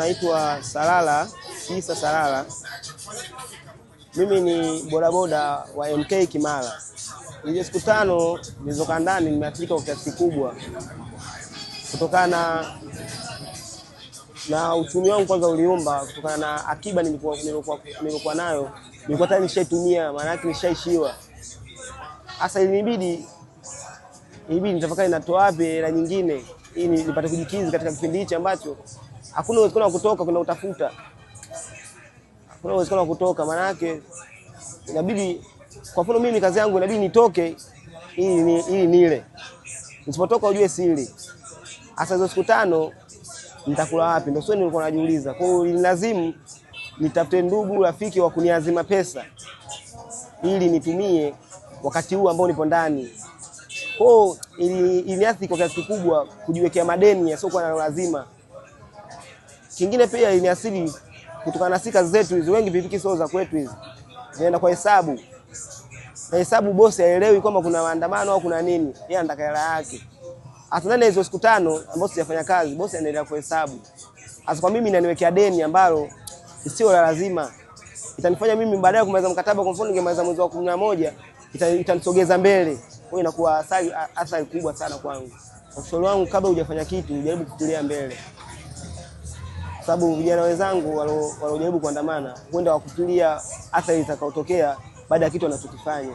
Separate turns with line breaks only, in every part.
tunaitwa Salala Isa Salala. Mimi ni bodaboda wa MK Kimara. Ile siku tano nilizoka ndani nimeathirika kwa kiasi kikubwa kutokana na uchumi wangu kwanza uliumba kutokana na akiba nilikuwa nilikuwa nilikuwa nayo, nilikuwa tayari nishaitumia, maana yake nishaishiwa. Sasa ilinibidi ilibidi nitafakari natoa wapi hela nyingine ili nipate kujikizi katika kipindi hichi ambacho hakuna uwezekano wa kutoka kwenda utafuta, hakuna uwezekano wa kutoka. Maana yake inabidi, kwa mfano mimi kazi yangu inabidi nitoke ili ili nile, nisipotoka ujue siri. Hasa hizo siku tano nitakula wapi? Ndio swali nilikuwa najiuliza. Kwa hiyo lazima nitafute ndugu rafiki wa kuniazima pesa ili nitumie wakati huu ambao nipo ndani. Kwa hiyo iliniathiri kwa kiasi kikubwa kujiwekea madeni yasiyokuwa na lazima. Kingine pia ni asili kutokana na sika zetu hizi, wengi viviki sio za kwetu hizi, zinaenda kwa hesabu na hesabu. Bosi haelewi kwamba kuna maandamano au kuna nini, yeye anataka hela yake. Hata hizo siku tano ambazo sijafanya kazi, bosi anaendelea kwa hesabu. Asa kwa mimi inaniwekea deni ambalo sio la lazima, itanifanya mimi baadaye kumaliza mkataba. Kwa mfano, ningemaliza mwezi wa kumi na moja, itanisogeza mbele, kwa hiyo inakuwa athari kubwa sana kwangu. Ushauri wangu, kabla hujafanya kitu, ujaribu kutulia mbele sababu vijana wenzangu waliojaribu kuandamana huenda wakutulia athari itakayotokea baada ya kitu wanachokifanya,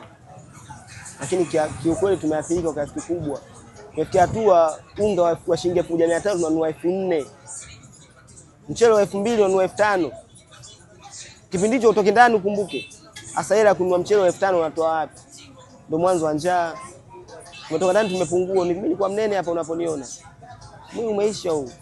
lakini kiukweli tumeathirika kwa kiasi kikubwa. Tumefikia hatua unga wa shilingi elfu moja mia tano tunanunua elfu nne mchele wa elfu mbili unanunua elfu tano Kipindi hicho utoke ndani ukumbuke, hasa hela ya kununua mchele wa elfu tano unatoa wapi? Ndio mwanzo wa njaa. Tumetoka ndani tumepungua, nilikuwa mnene hapa unaponiona, mwili umeisha huu.